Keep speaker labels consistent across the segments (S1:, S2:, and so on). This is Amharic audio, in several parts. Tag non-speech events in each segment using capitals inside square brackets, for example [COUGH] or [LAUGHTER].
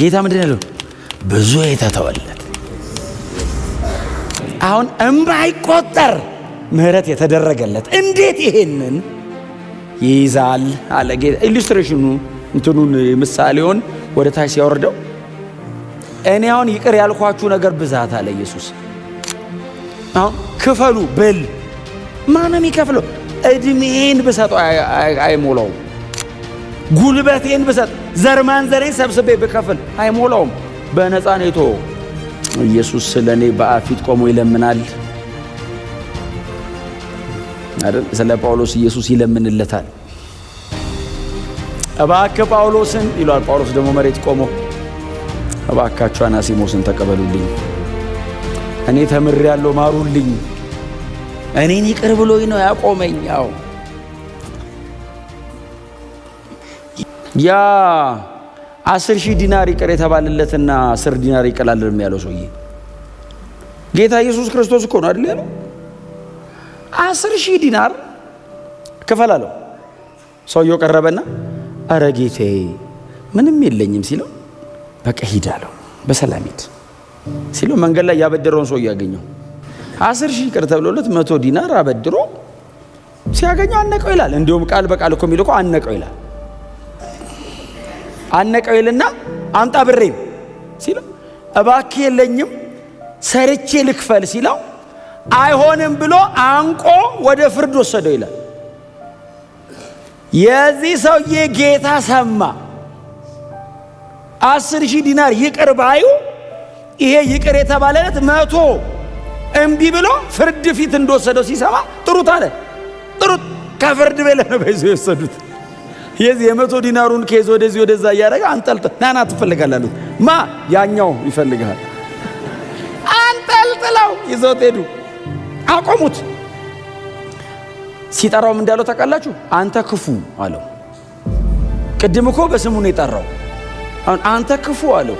S1: ጌታ ምንድን ያለው? ብዙ የተተወለት አሁን እማይቆጠር ምህረት የተደረገለት እንዴት ይሄንን ይይዛል አለ ጌታ። ኢሉስትሬሽኑ እንትኑን ምሳሌውን ወደ ታች ሲያወርደው እኔ አሁን ይቅር ያልኳችሁ ነገር ብዛት አለ ኢየሱስ። አሁን ክፈሉ ብል ማንም ይከፍለው፣ እድሜን ብሰጠው አይሞላውም። ጉልበቴን ብሰጥ ዘርማን ማንዘሬን ሰብስቤ ብከፍል አይሞላውም። በነፃ ነው ኢየሱስ ስለ እኔ በአፊት ቆሞ ይለምናል አይደል? ስለ ጳውሎስ ኢየሱስ ይለምንለታል። እባክ ጳውሎስን ይሏል። ጳውሎስ ደግሞ መሬት ቆሞ እባካችሁ አናሲሞስን ተቀበሉልኝ፣ እኔ ተምሬያለሁ፣ ማሩልኝ፣ እኔን ይቅር ብሎኝ ነው ያቆመኝ። አዎ ያ አስር ሺህ ዲናር ይቅር የተባለለትና አስር ዲናር ይቀላል ያለው ሰውዬ ጌታ ኢየሱስ ክርስቶስ እኮ ነው አይደል ያለው። አስር ሺህ ዲናር ክፈል አለው። ሰውየው ቀረበና አረ ጌቴ ምንም የለኝም ሲለው በቃ ሂድ አለው። በሰላም ሂድ ሲለው መንገድ ላይ ያበደረውን ሰውዬ ያገኘው አስር ሺህ ይቅር ተብሎለት መቶ ዲናር አበድሮ ሲያገኘው አነቀው ይላል። እንዲሁም ቃል በቃል እኮ የሚልኮ አነቀው ይላል አነቀው ይልና አምጣ ብሬም ሲለው እባክህ የለኝም ሰርቼ ልክፈል ሲለው አይሆንም ብሎ አንቆ ወደ ፍርድ ወሰደው ይላል። የዚህ ሰውዬ ጌታ ሰማ። አስር ሺህ ዲናር ይቅር ባዩ ይሄ ይቅር የተባለለት መቶ እምቢ ብሎ ፍርድ ፊት እንደወሰደው ሲሰማ ጥሩት አለ። ጥሩት ከፍርድ ቤት ነው በይዞ የወሰዱት የዚህ የመቶ ዲናሩን ኬዝ ወደዚህ ወደዛ እያደረገ አንጠልጥ ናና ትፈልጋለህ አሉት። ማ ያኛው ይፈልግሃል። አንጠልጥለው ይዘውት ሄዱ። አቆሙት። ሲጠራውም እንዳለው ታውቃላችሁ፣ አንተ ክፉ አለው። ቅድም እኮ በስሙ ነው የጠራው። አሁን አንተ ክፉ አለው።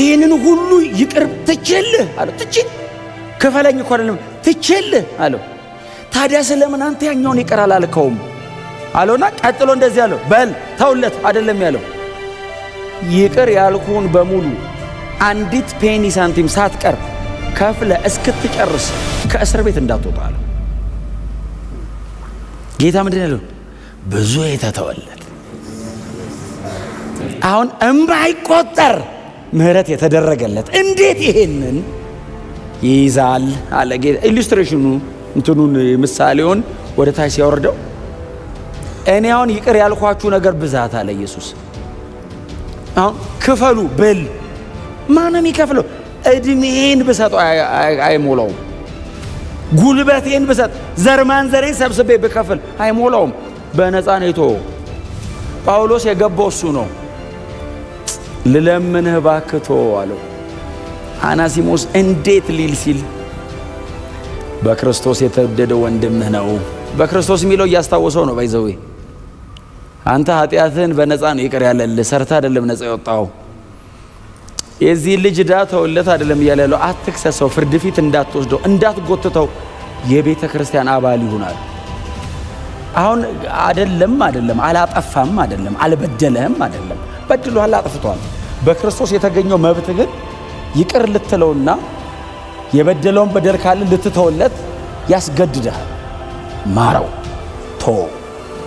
S1: ይህንን ሁሉ ይቅር ትችልህ አለው። ትች ክፈለኝ እኮ አይደለም ትችልህ አለው። ታዲያ ስለምን አንተ ያኛውን ይቅር አላልከውም? አለውና ቀጥሎ እንደዚህ አለው፣ በል ተውለት አይደለም ያለው ይቅር ያልኩን በሙሉ አንዲት ፔኒ ሳንቲም ሳትቀር ከፍለ እስክትጨርስ ከእስር ቤት እንዳትወጣ አለው። ጌታ ምንድን ያለው ብዙ የተተወለት አሁን እምባይቆጠር ምህረት የተደረገለት እንዴት ይሄንን ይይዛል አለ ጌታ። ኢሉስትሬሽኑ እንትኑን ምሳሌውን ወደ ታች ሲያወርደው እኔ አሁን ይቅር ያልኳችሁ ነገር ብዛት አለ ኢየሱስ። አሁን ክፈሉ ብል ማነው የሚከፍለው? እድሜን ብሰጠው አይሞላውም። ጉልበቴን ብሰጥ ዘርማን ማንዘሬን ሰብስቤ ብከፍል አይሞላውም። በነፃ ነው ጳውሎስ የገባው እሱ ነው። ልለምንህ እባክህ አለው። አናሲሞስ እንዴት ሊል ሲል በክርስቶስ የተወደደ ወንድምህ ነው። በክርስቶስ የሚለው እያስታወሰው ነው ባይዘዌ አንተ ኃጢአትህን በነፃ ነው ይቅር ያለልህ፣ ሰርተ አይደለም ነፃ የወጣው የዚህ ልጅ ዕዳ ተውለት አይደለም እያለ ያለው አትክሰሰው፣ ፍርድ ፊት እንዳትወስደው፣ እንዳትጎትተው የቤተ ክርስቲያን አባል ይሆናል። አሁን አደለም አደለም አላጠፋም አደለም አልበደለህም አደለም በድሏል፣ አጥፍቷል። በክርስቶስ የተገኘው መብት ግን ይቅር ልትለውና የበደለውን በደል ካለ ልትተውለት ያስገድድሃል። ማረው ቶ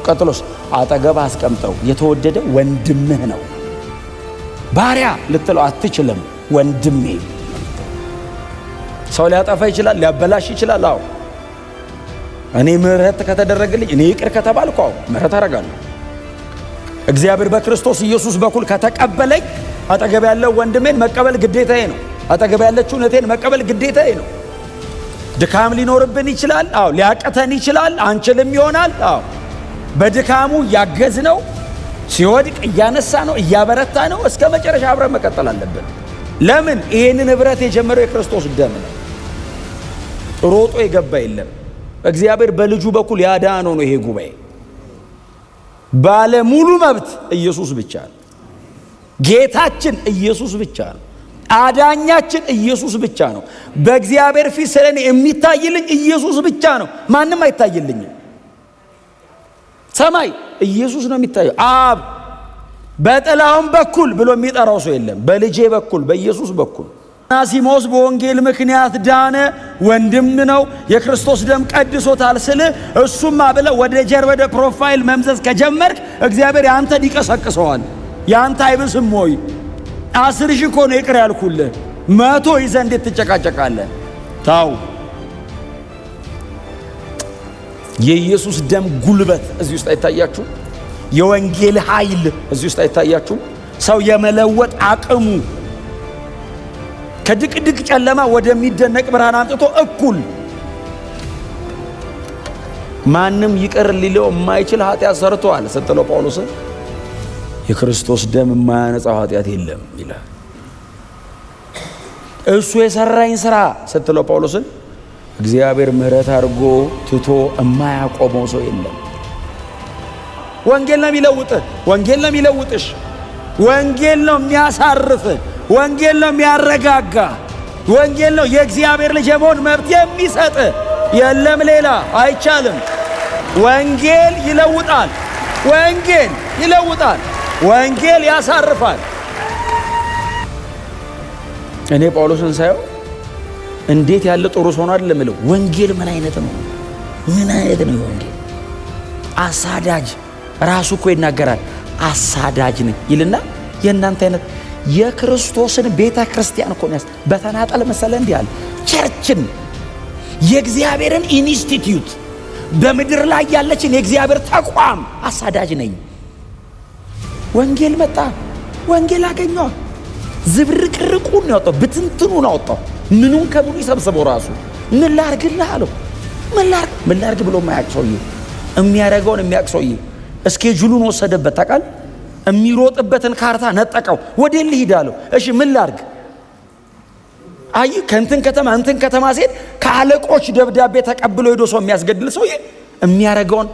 S1: ቀጥሎስ አጠገብ አስቀምጠው። የተወደደ ወንድምህ ነው። ባሪያ ልትለው አትችልም። ወንድሜ ሰው ሊያጠፋ ይችላል፣ ሊያበላሽ ይችላል። አዎ እኔ ምሕረት ከተደረገልኝ እኔ ይቅር ከተባልኩ አዎ ምሕረት አደርጋለሁ። እግዚአብሔር በክርስቶስ ኢየሱስ በኩል ከተቀበለኝ አጠገብ ያለው ወንድሜን መቀበል ግዴታዬ ነው። አጠገብ ያለችው እህቴን መቀበል ግዴታዬ ነው። ድካም ሊኖርብን ይችላል። አዎ ሊያቅተን ይችላል። አንችልም ይሆናል። አዎ በድካሙ ያገዝ ነው፣ ሲወድቅ እያነሳ ነው፣ እያበረታ ነው። እስከ መጨረሻ አብረን መቀጠል አለብን። ለምን? ይህንን ኅብረት የጀመረው የክርስቶስ ደም ነው። ሮጦ የገባ የለም። እግዚአብሔር በልጁ በኩል ያዳነው ነው። ይሄ ጉባኤ ባለ ሙሉ መብት ኢየሱስ ብቻ ነው። ጌታችን ኢየሱስ ብቻ ነው። አዳኛችን ኢየሱስ ብቻ ነው። በእግዚአብሔር ፊት ስለኔ የሚታይልኝ ኢየሱስ ብቻ ነው። ማንም አይታይልኝም። ሰማይ ኢየሱስ ነው የሚታየው። አብ በጥላውም በኩል ብሎ የሚጠራው ሰው የለም። በልጄ በኩል በኢየሱስ በኩል ናሲሞስ በወንጌል ምክንያት ዳነ። ወንድም ነው፣ የክርስቶስ ደም ቀድሶታል ስልህ እሱማ ብለህ ወደ ጀር ወደ ፕሮፋይል መምዘዝ ከጀመርክ እግዚአብሔር ያንተ ይቀሰቅሰዋል። ያንተ አይብስም ወይ? አስር ሺህ እኮ ነው ይቅር ያልኩልህ፣ መቶ ይዘህ እንዴት ትጨቃጨቃለህ? ታው የኢየሱስ ደም ጉልበት እዚህ ውስጥ አይታያችሁ? የወንጌል ኃይል እዚህ ውስጥ አይታያችሁ? ሰው የመለወጥ አቅሙ ከድቅድቅ ጨለማ ወደሚደነቅ ብርሃን አምጥቶ እኩል ማንም ይቅር ሊለው የማይችል ኃጢአት ሰርተዋል ስትለው ጳውሎስ የክርስቶስ ደም የማያነጻው ኃጢአት የለም ይላል። እሱ የሰራኝ ስራ ስትለው ጳውሎስን እግዚአብሔር ምሕረት አድርጎ ትቶ የማያቆመው ሰው የለም። ወንጌል ነው የሚለውጥ ወንጌል ነው የሚለውጥሽ። ወንጌል ነው የሚያሳርፍ። ወንጌል ነው የሚያረጋጋ። ወንጌል ነው የእግዚአብሔር ልጅ የመሆን መብት የሚሰጥ። የለም ሌላ አይቻልም። ወንጌል ይለውጣል። ወንጌል ይለውጣል። ወንጌል ያሳርፋል። እኔ ጳውሎስን ሳየው እንዴት ያለ ጥሩ ሰው ነው አይደለም እለው። ወንጌል ምን አይነት ነው? ምን አይነት ነው ወንጌል? አሳዳጅ ራሱ እኮ ይናገራል። አሳዳጅ ነኝ ይልና የእናንተ አይነት የክርስቶስን ቤተ ክርስቲያን እኮ ያስ በተናጠል መሰለ እንዲህ አለ ቸርችን የእግዚአብሔርን ኢንስቲትዩት በምድር ላይ ያለችን የእግዚአብሔር ተቋም አሳዳጅ ነኝ። ወንጌል መጣ፣ ወንጌል አገኘ፣ ዝብርቅርቁን ነው ያወጣው፣ ብትንትኑን ነው ምኑን ከምኑ ይሰብስበው ራሱ ምን ላርግልህ አለው። ምን ላርግ ብሎ የማያውቅ ሰውዬ የሚያደርገውን የሚያውቅ ሰውዬ እስኬጁሉን ወሰደበት ታውቃል። የሚሮጥበትን ካርታ ነጠቀው። ወደ ልሂድ አለው። እሺ ምን ላርግ? አይ ከእንትን ከተማ እንትን ከተማ ሲሄድ ከአለቆች ደብዳቤ ተቀብሎ ሄዶ ሰው የሚያስገድል ሰውዬ የሚያደርገውን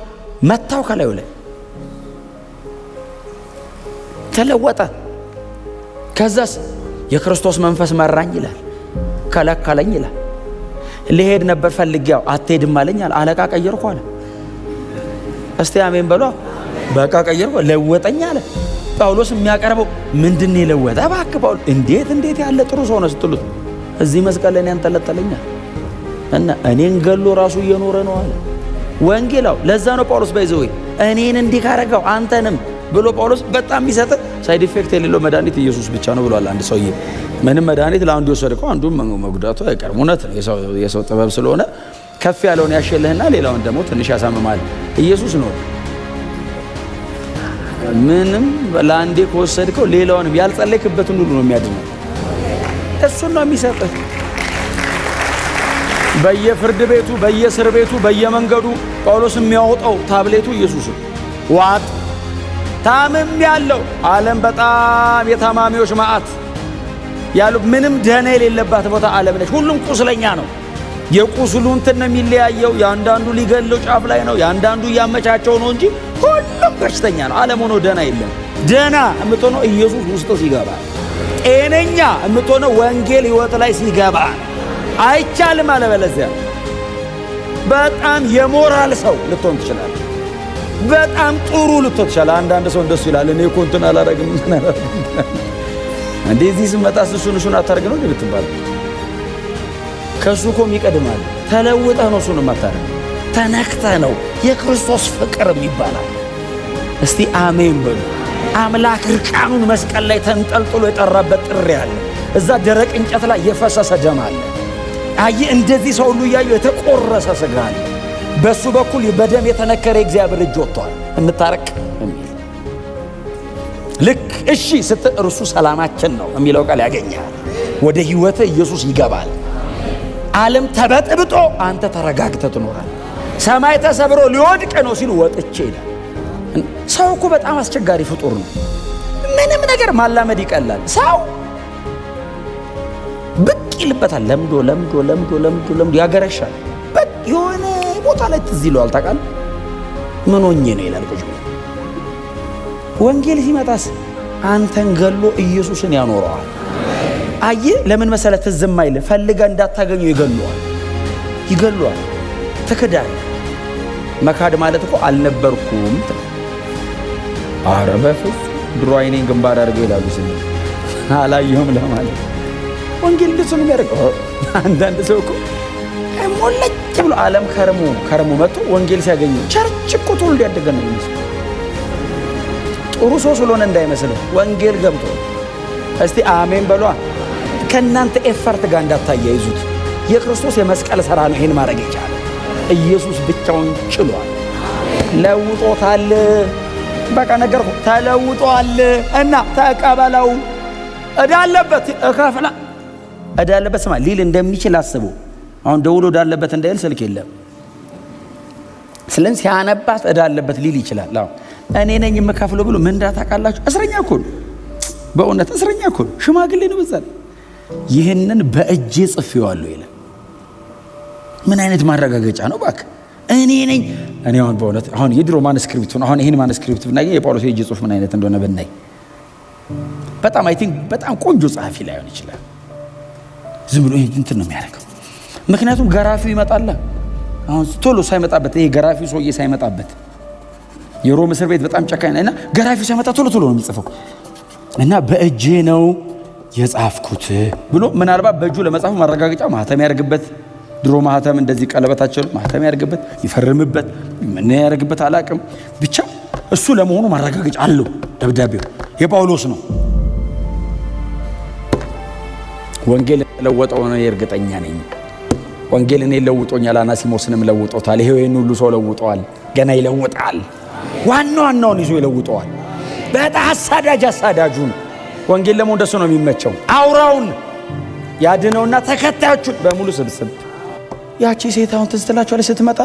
S1: መታው። ከላዩ ላይ ተለወጠ። ከዛስ የክርስቶስ መንፈስ መራኝ ይላል። ከለከለኝ ይላል። ልሄድ ነበር ፈልጊያው አትሄድም አለኝ አለ። አለቃ ቀየርኩ አለ። እስቲ አሜን በሏ። በቃ ቀየርኩ ለወጠኝ አለ። ጳውሎስ የሚያቀርበው ምንድን የለወጠ እባክህ ጳውሎስ እንዴት እንዴት ያለ ጥሩ ሰው ነው ስትሉት እዚህ መስቀል ላይ ያንጠለጠለኛል እና እኔን ገሎ ራሱ እየኖረ ነው አለ ወንጌላው። ለዛ ነው ጳውሎስ ባይዘው እኔን እንዲህ ካረጋው አንተንም ብሎ ጳውሎስ በጣም የሚሰጥ ሳይድ ኢፌክት የሌለው መድኃኒት ኢየሱስ ብቻ ነው ብሏል። አንድ ሰውዬ ምንም መድኃኒት ለአንዱ የወሰድ ከው አንዱ መጉዳቱ አይቀርም። እውነት ነው፣ የሰው ጥበብ ስለሆነ ከፍ ያለውን ያሸልህና ሌላውን ደግሞ ትንሽ ያሳምማል። ኢየሱስ ነው ምንም ለአንዴ ከወሰድከው ሌላውንም ያልጸለይክበትን ሁሉ ነው የሚያድነው። እሱን ነው የሚሰጥህ። በየፍርድ ቤቱ፣ በየእስር ቤቱ፣ በየመንገዱ ጳውሎስ የሚያወጣው ታብሌቱ ኢየሱስ ዋጥ ታምም ያለው ዓለም በጣም የታማሚዎች ማዕት ያሉ ምንም ደህና የሌለባት ቦታ ዓለም ነች። ሁሉም ቁስለኛ ነው። የቁስሉ እንትን ነው የሚለያየው። የአንዳንዱ ሊገለው ጫፍ ላይ ነው፣ የአንዳንዱ እያመቻቸው ነው እንጂ ሁሉም በሽተኛ ነው። ዓለም ሆኖ ደህና የለም። ደህና የምትሆነው ኢየሱስ ውስጥ ሲገባ፣ ጤነኛ የምትሆነው ወንጌል ሕይወት ላይ ሲገባ። አይቻልም። አለበለዚያ በጣም የሞራል ሰው ልትሆን ትችላል። በጣም ጥሩ ልትሆን ትችላለህ። አንዳንድ ሰው እንደሱ ይላል፣ እኔ እኮ እንትን አላደርግም እንዴ እዚህ ስመጣ እሱን እሱን አታርግ ነው ልትባል። ከእሱ እኮም ይቀድማል። ተለውጠህ ነው እሱን ማታረግ ተነክተህ ነው። የክርስቶስ ፍቅርም ይባላል። እስቲ አሜን በሉ። አምላክ እርቃኑን መስቀል ላይ ተንጠልጥሎ የጠራበት ጥሪ አለ። እዛ ደረቅ እንጨት ላይ የፈሰሰ ደም አለ። አይ እንደዚህ ሰው ሁሉ እያየሁ የተቆረሰ ስጋ አለ። በእሱ በኩል በደም የተነከረ የእግዚአብሔር እጅ ወጥቷል እንታረቅ የሚል ልክ እሺ ስት እርሱ ሰላማችን ነው የሚለው ቃል ያገኛል። ወደ ህይወት ኢየሱስ ይገባል። ዓለም ተበጥብጦ አንተ ተረጋግተ ትኖራል። ሰማይ ተሰብሮ ሊወድቅ ነው ሲሉ ወጥቼ ይላል። ሰው እኮ በጣም አስቸጋሪ ፍጡር ነው። ምንም ነገር ማላመድ ይቀላል። ሰው ብቅ ይልበታል። ለምዶ ለምዶ ለምዶ ለምዶ ለምዶ ያገረሻል። የሆነ ቦታ ላይ ትዝ ይለዋል። ታውቃለህ ምን ሆኜ ነው ይላል ቁጭ ብሎ። ወንጌል ሲመጣስ አንተን ገሎ ኢየሱስን ያኖረዋል። አየህ ለምን መሰለ ትዝ ማይል ፈልገህ እንዳታገኘው ይገለዋል፣ ይገለዋል። ትክዳለህ። መካድ ማለት እኮ አልነበርኩም አረ በፍጹም ድሮ አይኔን ግንባር አድርገው ይላሉ ስ አላየሁም ለማለት ወንጌል እንደሱ ነው የሚያደርገው አንዳንድ ሰው እኮ ቆለጭ ብሎ ዓለም ከርሞ ከርሞ መጥቶ ወንጌል ሲያገኙ ቸርች እኮ ተወልዶ ያደገ ነው የሚመስለው። ጥሩ ሰው ስለሆነ እንዳይመስለው ወንጌል ገብቶ እስቲ አሜን በሏ። ከእናንተ ኤፈርት ጋር እንዳታያይዙት። የክርስቶስ የመስቀል ሥራ ነው ይህን ማድረግ የቻለ ኢየሱስ ብቻውን ችሏል። ለውጦታል። በቃ ነገር ተለውጧል። እና ተቀበለው። እዳለበት እከፍላ እዳለበት ስማ ሊል እንደሚችል አስቡ። አሁን ደውሎ እዳለበት እንዳይል ስልክ የለም። ስለዚህ ሲያነባት እዳለበት ሊል ይችላል። አሁን እኔ ነኝ የምከፍለው ብሎ ምን እንዳታውቃላችሁ። እስረኛ እኮ ነው፣ በእውነት እስረኛ እኮ ነው። ሽማግሌ ነው። በዛ ይህንን በእጄ ጽፌዋለሁ ይለ ምን አይነት ማረጋገጫ ነው ባክ? እኔ ነኝ። እኔ አሁን በእውነት አሁን የድሮ ማንስክሪፕት አሁን ይህን ማንስክሪፕት ብናገኝ የጳውሎስ የእጅ ጽሁፍ ምን አይነት እንደሆነ ብናይ በጣም አይ ቲንክ በጣም ቆንጆ ጸሐፊ ላይሆን ይችላል። ዝም ብሎ እንትን ነው የሚያደርገው ምክንያቱም ገራፊው ይመጣለ። አሁን ቶሎ ሳይመጣበት ይሄ ገራፊው ሰውዬ ሳይመጣበት የሮም እስር ቤት በጣም ጨካኝ እና ገራፊው ሳይመጣ ቶሎ ቶሎ ነው የሚጽፈው እና በእጄ ነው የጻፍኩት ብሎ ምናልባት በእጁ ለመጻፉ ማረጋገጫ ማህተም ያደርግበት። ድሮ ማህተም እንደዚህ ቀለበታቸው ማህተም ያደርግበት፣ ይፈርምበት፣ ምን ያደርግበት አላቅም። ብቻ እሱ ለመሆኑ ማረጋገጫ አለው። ደብዳቤው የጳውሎስ ነው። ወንጌል ለወጠው ነው የእርግጠኛ ነኝ። ወንጌል እኔ ለውጦኛል፣ አናሲሞስንም ለውጦታል። ይሄ ይህን ሁሉ ሰው ለውጠዋል፣ ገና ይለውጣል። ዋና ዋናውን ይዞ ይለውጠዋል። በጣም አሳዳጅ አሳዳጁን ወንጌል ደግሞ እንደሱ ነው የሚመቸው። አውራውን ያድነውና ተከታዮቹን በሙሉ ስብስብ። ያቺ ሴት አሁን ትዝ ትላችኋለች ስትመጣ፣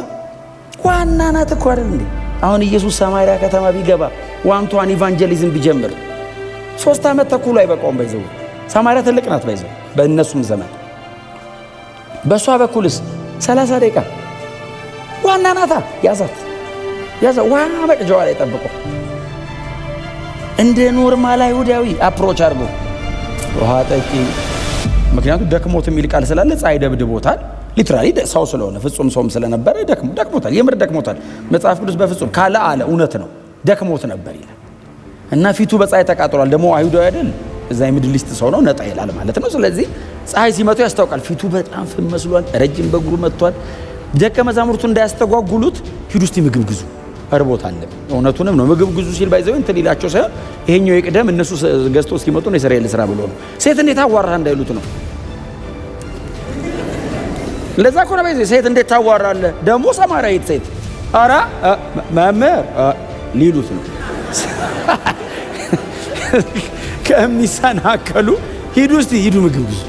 S1: ዋና ናት እኮ አይደል እንዴ? አሁን ኢየሱስ ሰማርያ ከተማ ቢገባ ዋንቷን ኢቫንጀሊዝም ቢጀምር ሶስት ዓመት ተኩሉ አይበቃውም። ባይዘው ሰማርያ ትልቅ ናት። ባይዘው በእነሱም ዘመን በእሷ በኩልስ ሰላሳ ደቂቃ ዋና ናታ ያዛት ያዛት ዋና መቅጃዋ ላይ ጠብቆ እንደ ኖርማል አይሁዳዊ አፕሮች አድርጎ ውሃ ጠቂ። ምክንያቱም ደክሞት የሚል ቃል ስላለ ፀሐይ ደብድቦታል። ሊትራሊ ሰው ስለሆነ ፍጹም ሰውም ስለነበረ ደክሞታል። የምር ደክሞታል። መጽሐፍ ቅዱስ በፍጹም ካለ አለ እውነት ነው ደክሞት ነበር ይላል እና ፊቱ በፀሐይ ተቃጥሏል። ደግሞ አይሁዳዊ አይደል እዛ የሚድል ኢስት ሰው ነው ነጣ ይላል ማለት ነው። ስለዚህ ፀሐይ ሲመጡ ያስታውቃል። ፊቱ በጣም ፍም መስሏል። ረጅም በእግሩ መጥቷል። ደቀ መዛሙርቱ እንዳያስተጓጉሉት ሂዱ እስቲ ምግብ ግዙ እርቦት አለ። እውነቱንም ነው። ምግብ ግዙ ሲል ባይዘው እንትን ሊላቸው ሳይሆን ይሄኛው የቅደም እነሱ ገዝቶ እስኪመጡ ነው የሰራ ስራ ብሎ ነው። ሴት እንዴት አዋራህ እንዳይሉት ነው። እንደዛ ከሆነ ባይዘው ሴት እንዴት ታዋራለ ደግሞ ሰማርያዊት ሴት አራ መምህር ሊሉት ነው። [LAUGHS] ከሚሰናከሉ ሂዱ እስቲ ሂዱ ምግብ ግዙ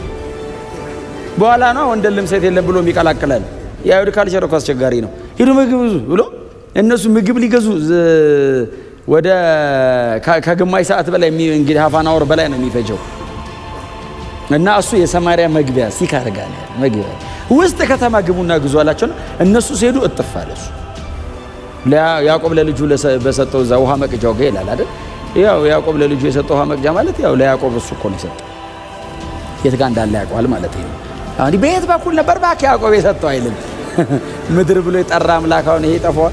S1: በኋላ ነው ወንደልም ሴት የለም ብሎ የሚቀላቅላል። የአይሁድ ካልቸር እኮ አስቸጋሪ ነው። ሂዱ ምግብ ብዙ ብሎ እነሱ ምግብ ሊገዙ ወደ ከግማሽ ሰዓት በላይ እንግዲህ ሀፋና ወር በላይ ነው የሚፈጀው እና እሱ የሰማሪያ መግቢያ ሲካርጋ መግቢያ ውስጥ ከተማ ግቡና ግዙ አላቸውና እነሱ ሲሄዱ እጥፍ አለ እሱ ያዕቆብ ለልጁ በሰጠው እዛ ውሃ መቅጃው ጋ ይላል አይደል? ያው ያዕቆብ ለልጁ የሰጠው ውሃ መቅጃ ማለት ያው ለያዕቆብ እሱ እኮ ነው የሰጠው የት ጋ እንዳለ ያውቀዋል ማለት ነው። አሁን በየት በኩል ነበር? ባክ ያዕቆብ የሰጠው አይልም። [LAUGHS] ምድር ብሎ የጠራ አምላክ አሁን ይሄ ጠፋው።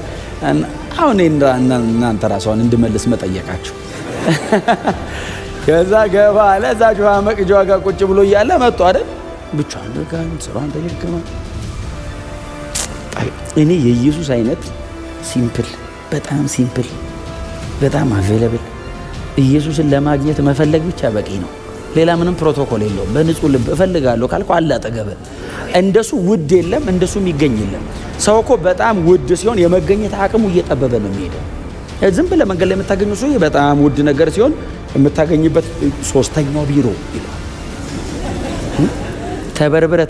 S1: አሁን እናንተ ራሱ እንድመልስ መጠየቃችሁ። [LAUGHS] ከዛ ገባ አለ። እዛች ውሃ መቅጃ ጋር ቁጭ ብሎ እያለ መጡ አይደል? ብቻዋን ደጋን ጽሯን ተሸክማ። እኔ የኢየሱስ አይነት ሲምፕል፣ በጣም ሲምፕል፣ በጣም አቬለብል ኢየሱስን ለማግኘት መፈለግ ብቻ በቂ ነው። ሌላ ምንም ፕሮቶኮል የለውም። በንጹህ ልብ እፈልጋለሁ ካልኩ አለ አጠገብህ። እንደሱ ውድ የለም፣ እንደሱ የሚገኝ የለም። ሰው እኮ በጣም ውድ ሲሆን የመገኘት አቅሙ እየጠበበ ነው የሚሄደው። ዝም ብለህ መንገድ ላይ የምታገኙ ሰውዬ በጣም ውድ ነገር ሲሆን የምታገኝበት ሶስተኛው ቢሮ ይላል።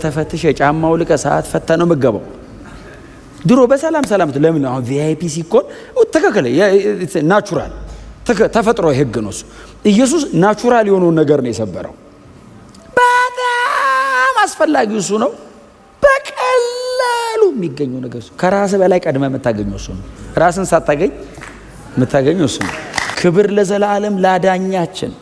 S1: ተፈትሽ የጫማው ልቀ ሰዓት ፈተ ነው የምገባው። ድሮ በሰላም ሰላም ለምን አሁን ቪአይፒ ሲኮን ትክክል ናቹራል ተፈጥሮ ህግ ነው እሱ። ኢየሱስ ናቹራል የሆነውን ነገር ነው የሰበረው። በጣም አስፈላጊው እሱ ነው። በቀላሉ የሚገኘው ነገር ከራስ በላይ ቀድመ የምታገኘው እሱ ነው። ራስን ሳታገኝ የምታገኘው እሱ ነው። ክብር ለዘላለም ላዳኛችን